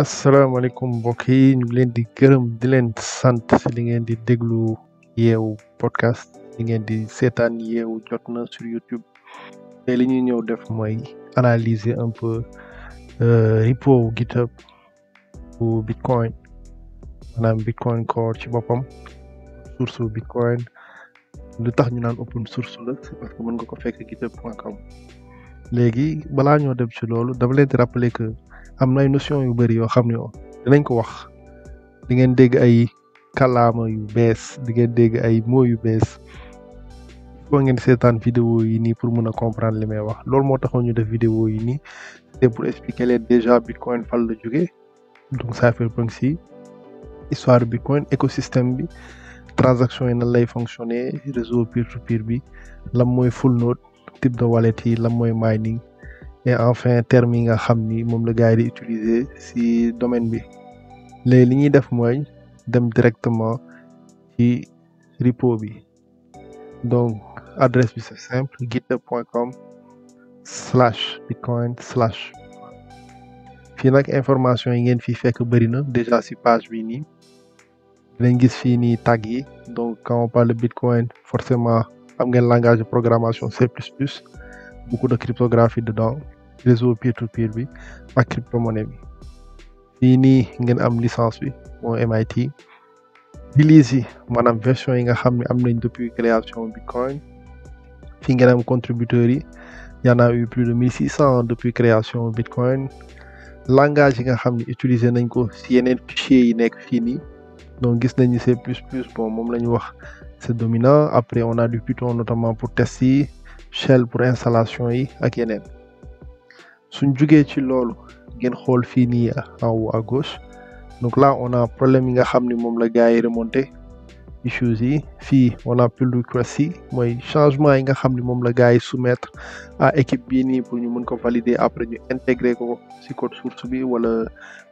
asalaamaaleykum mbokk yi ñu leen di gërëm di leen sant li ngeen di déglu yeewu podcast li ngeen di seetaan yeewu jot na sur YouTube te li ñuy ñëw def mooy analyser un peu euh, repo wu GitHub bu Bitcoin maanaam Bitcoin Core ci boppam source bu Bitcoin lu tax ñu naan open source la c'est parce que mën nga ko fekk github.com léegi balaa ñoo dem ci loolu dama leen di rappeler am na ay notion yu bëri yoo xam ne dinañ ko wax di ngeen dégg ay kàllaama yu bees di ngeen dégg ay mots yu bees foo ngeen seetaan vidéo yi nii pour mën a comprendre li may wax loolu moo taxoon ñu def vidéo yi nii c'est pour expliquer leen déjà bitcoin fan la jógee donc cypherpunks yi histoire bitcoin écosystème bi transaction yi nan lay fonctionner réseau peer to peer bi lan mooy full node type de wallet yi lan mooy mining et enfin termes yi nga xam ni moom la gars yi di utiliser domaine bi léegi li ñuy def mooy dem directement ci ripo bi donc adresse bi c'est simple github.com slash bitcoin slash fii nag information yi ngeen fi fekk bëri na déjà ci page bi nii lañ gis fii nii tag yi donc quand on parle de bitcoin forcément am ngeen langage de programmation C++ beaucoup de cryptographie dedans réseau peer to bi ak cryptomonnaie bi nii ngeen am licence bi moo MIT release yi maanaam version yi nga xam ne am nañ depuis création bitcoin fii ngeen am contributeurs yi y en a eu plus de mille six cent depuis création bitcoin langage yi nga xam ne utiliser nañ ko si yeneen fichier yi nekk fii nii donc gis nañ ni C++ bon moom la ñu wax c'est dominant après on a du Python notamment pour test yi Shell pour installation yi ak yeneen suñ jugee ci loolu ngeen xool fii nii en haut à donc là on problème yi nga xam ni moom la gars yi remonté issues yi fii on a plutocratie mooy changement yi nga xam ni moom la gars yi soumettre à équipe bii nii pour ñu mën ko valider après ñu intégrer ko si code source bi wala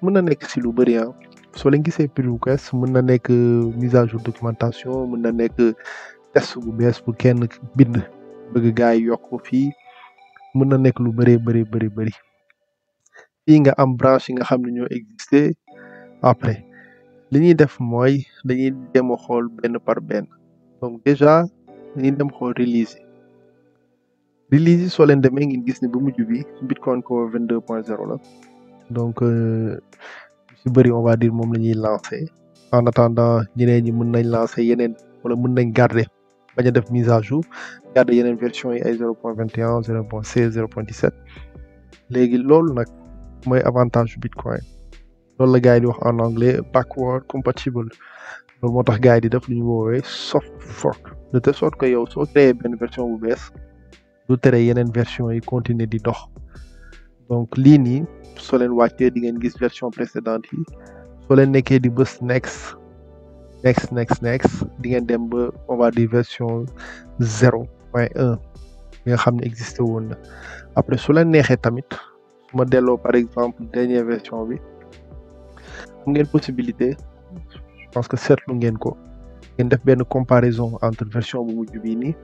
mën na nekk si lu bëri ah soo leen gisee plutocratie mën na nekk euh, mise à jour documentation mën na nekk euh, test bu bees bu kenn bind bëgg gars yi yokk ko fii mun na nekk lu bëree bëri bëri bëri fii nga am branche yi nga xam ne ñoo exister après li ñuy def mooy dañuy dem xool benn par benn donc déjà dañuy dem xool release yi release yi soo leen demee ngeen gis ne bu mujj bi bitcoin core 22 point 0 la donc euh, si bëri on va dire moom la ñuy lancer en attendant ñeneen ñi mën nañ lancer yeneen wala mun nañ garder bañ def mise gàdda yeneen version yi ay zero point vingt et un point léegi loolu nag mooy avantage bitcoin loolu la gars di wax en anglais backward compatible loolu moo tax gars di def lu ñu woowee soft fork de telle sorte que yow soo créé e benn version bu bees lu tere yeneen version yi e continuer di dox donc lii nii soo leen wàccee di ngeen gis version précédente yi so leen nekkee di bës next next next next di ngeen dem ba on va dire version zéro point un bi nga xam ne existé woon na après su la neexee tamit su ma delloo par exemple dernière version bi ngeen possibilité parce pense que seetlu ngeen ko ngeen def benn comparaison entre version bu mujj bii nii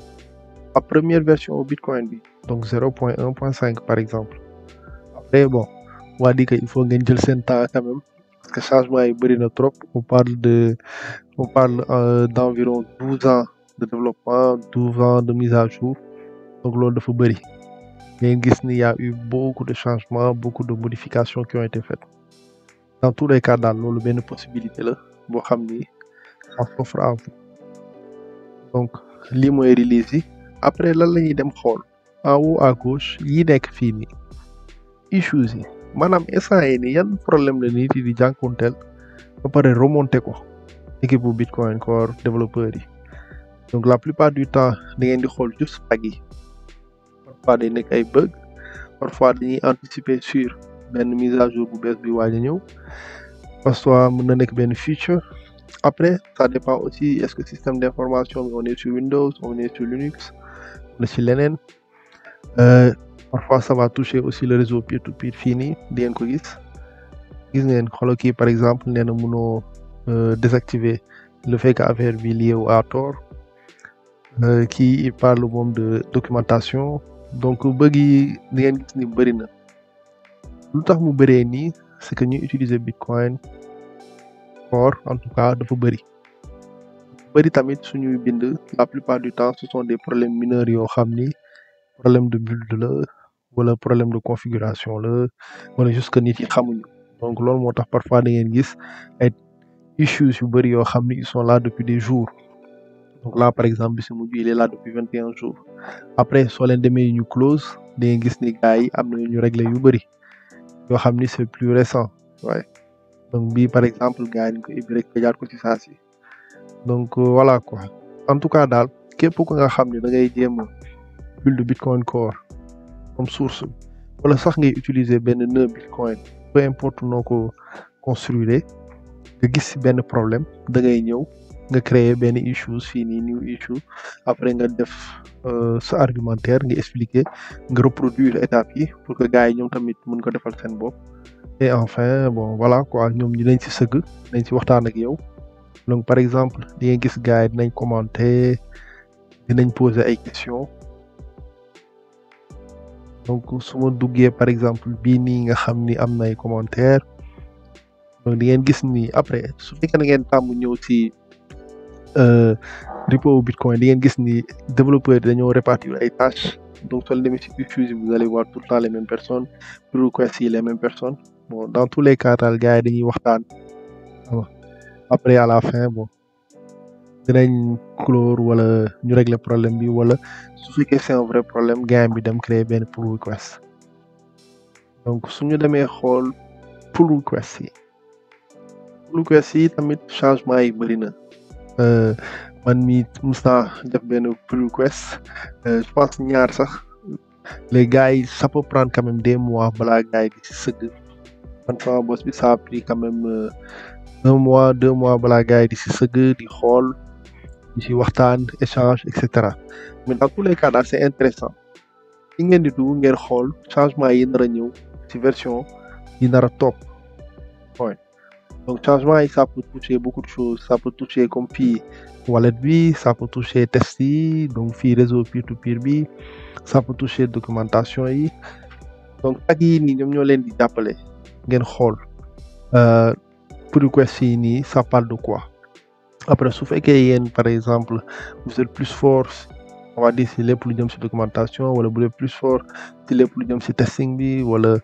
ak première version bitcoin bi donc zéro point un point cinq par exemple après bon on va dire il faut ngeen jël seen temps quand même parce que changement yi bëri na trop on parle de on parle euh, d'environ douze ans de développement douze de mise à jour donc loolu dafa bëri ngeen gis ni y a eu beaucoup de changements beaucoup de modifications qui ont été faites dans tous les cas daal loolu benn possibilité la boo xam ni ça s'offre donc lii mooy release après lan la ñuy dem xool en haut à gauche yi nekk fii nii issues yi maanaam instant yi nii yan problème la nit yi di jànkuwanteel ba pare remonté ko équipe bu Bitcoin Core développeur yi donc la plupart du temps da ngeen di xool juste tag yi parfois day nekk ay bug parfois dañuy anticiper sur benn mise à jour bu bees bi waaj na nekk benn feature après ça dépend aussi est-ce que système d'information bi on est leneen euh, parfois ça va toucher aussi le réseau peer to fii nii di ngeen ko gis gis ngeen xoolal kii par exemple nee na mënoo euh, désactiver le fekk que affaire bi lié à tort Euh, qui parle moom de documentation donc bëgg yi li gis ni bëri na lu tax mu bëree nii que ñuy utiliser bitcoin fort en tout cas dafa bëri bëri tamit suñuy bind la plupart du temps ce sont des problèmes mineurs yoo xam ni problème de build la wala problème de configuration la wala juste que nit yi xamuñu donc loolu moo tax parfois da ngeen gis ay issues yu bëri yoo xam ni ils sont là depuis des jours donc là par exemple bi si mujj il est là depuis vingt et un après soo leen ñu close da gis ni gars am na ñu réglé yu bëri yoo xam ni c'est plus récent donc bii par exemple gars yi ñu ko ubbi rek ko ci saa si donc euh, voilà ko en tout cas daal képp ku nga xam ne da ngay jéem a build bitcoin core comme source wala sax ngay utiliser benn nœud bitcoin peu importe noo ko construire nga gis si benn problème da ngay ñëw. nga créer benn issues fii nii new issue après nga def euh, sa argumentaire nga expliquer nga reproduire étapes yi pour que gars yi ñoom tamit mun ko defal seen bopp et enfin bon voilà quoi ñoom ñu nañ ci sëgg nañ ci waxtaan ak yow donc par exemple di nga gis gars yi dinañ commenter dinañ poser ay questions donc su ma duggee par exemple bii nii nga xam ni am na ay commentaires donc di ngeen gis ni après su fekkee na ngeen tàmm ñëw ci Euh, repo wu bitcoin di ngeen gis ni développeur dañoo répartir ay tâches donc soo demee si Fusion vous allez voir tout le temps les mêmes personnes pour request yi les mêmes personnes dans tous les cas daal gars yi dañuy waxtaan après à la fin bon dinañ clore wala ñu régler problème bi wala su fekkee c'est un vrai problème gars bi dem créer benn pull request donc su ñu demee xool pull request yi tamit changement yi bëri na. Euh, man mi mos naa benn pull euh, je pense ñaar sax les gars yi ça peut prendre quand même des mois balaa gars di si sëgg bi ça a pris euh, mois deux mois balaa gars yi di si sëgg di xool di si waxtaan échange et cetera mais dans tous les cas daal intéressant li ngeen di tu ngeen xool changement yi nar ñëw ci version yi nar a donc changement yi ça peut toucher beaucoup de choses ça peut toucher comme fii wallet bi ça peut toucher test yi donc fii réseau peer to peer bi ça peut toucher documentation yi donc tag yi nii ñoom ñoo leen di jàppale ngeen xool euh, pour request yi nii ça parle de quoi après su fekkee yéen par exemple vous êtes plus fort on va si lépp lu jëm si documentation wala bu dee plus fort si lépp lu jëm si testing bi wala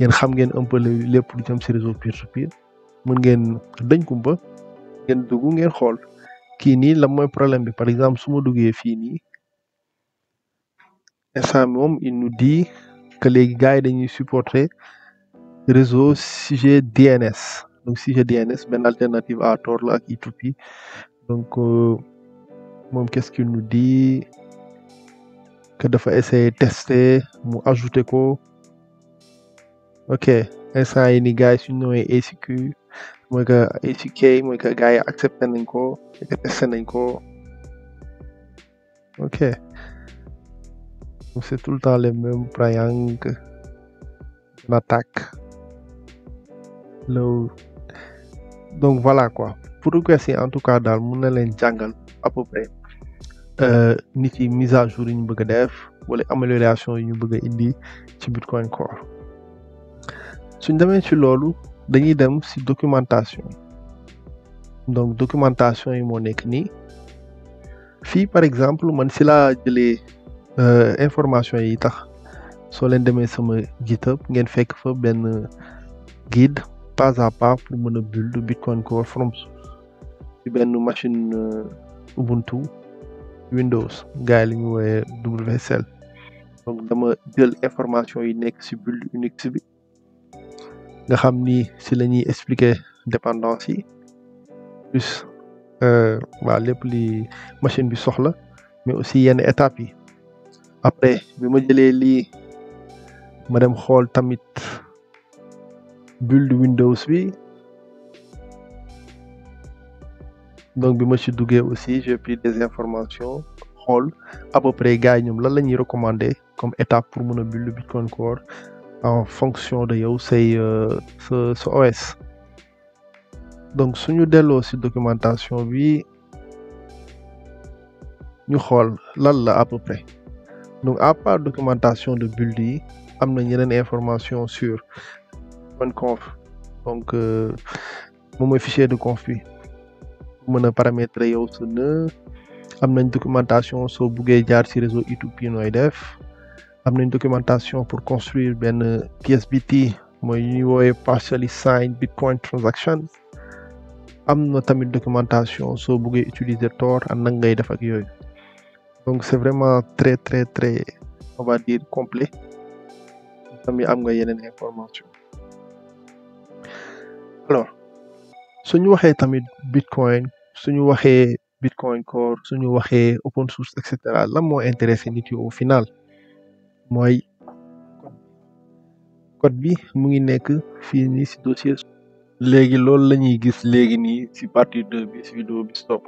yéen xam ngeen un peu lépp lu jëm si réseau peer to peer mën ngeen dañ kumpa ngeen dugg ngeen xool kii nii lan mooy problème bi par exemple su ma duggee fii nii instant bi moom il nous dit que léegi gars yi dañuy supporter réseau sujet DNS donc sujet DNS benn alternative à Tor la ak Itopi donc euh, moom qu'est-ce qu'il nous dit que dafa essayer tester mu ajouter ko ok instant yi ni gars yi suñu ñëwee ACQ mooy que ACK mooy que gars yi accepté nañ ko testé nañ ko ok c'est tout le temps les mêmes triangles en attaque loolu donc voilà quoi pour yi en tout cas daal mun na leen jàngal à peu euh, nit yi mise à jour yi ñu bëgg a def wala amélioration yi ñu bëgg a indi ci Bitcoin Core suñ demee si loolu dañuy dem si documentation donc documentation yi moo nekk nii fii par exemple man si laa jëlee euh, information yi tax soo leen demee sama GitHub ngeen fekk fa benn guide pas à pas pour mën a build Bitcoin Core from ci benn machine euh, Ubuntu Windows gars yi li ñu donc dama jël information yi nekk ci build Unix bi. nga xam ni si la ñuy expliquer dépendance yi plus euh, waa li machine bi soxla mais aussi yenn étape yi après bi ma jëlee lii ma dem xool tamit build Windows bi donc bi ma ci duggee aussi j'ai pris des informations xool à peu près gars yi ñoom lan la ñuy recommander comme étape pour mun a build Bitcoin Core en fonction de yow say euh, sa sa OS donc suñu delloo ci documentation bi ñu xool lan la à peu près donc à documentation de build yi am na ñeneen information sur OpenConf donc euh, moom mooy de conf bi mën a paramétrer yow sa nœud am nañ documentation soo buggee jaar ci réseau i nooy def am nañ documentation pour construire benn bi ti mooy ñuy woowee partially signed bitcoin transaction am na tamit documentation soo buggee utiliser Tor am nan ngay def ak yooyu donc c'est vraiment très très très on va dire complet am nga yeneen information alors suñu waxee tamit bitcoin suñu waxee bitcoin core suñu waxee open source et lan moo intéressé nit au final mooy code bi mu ngi nekk fii nii si dossier léegi loolu la ñuy gis léegi nii si partie 2 bi si vidéo bi stop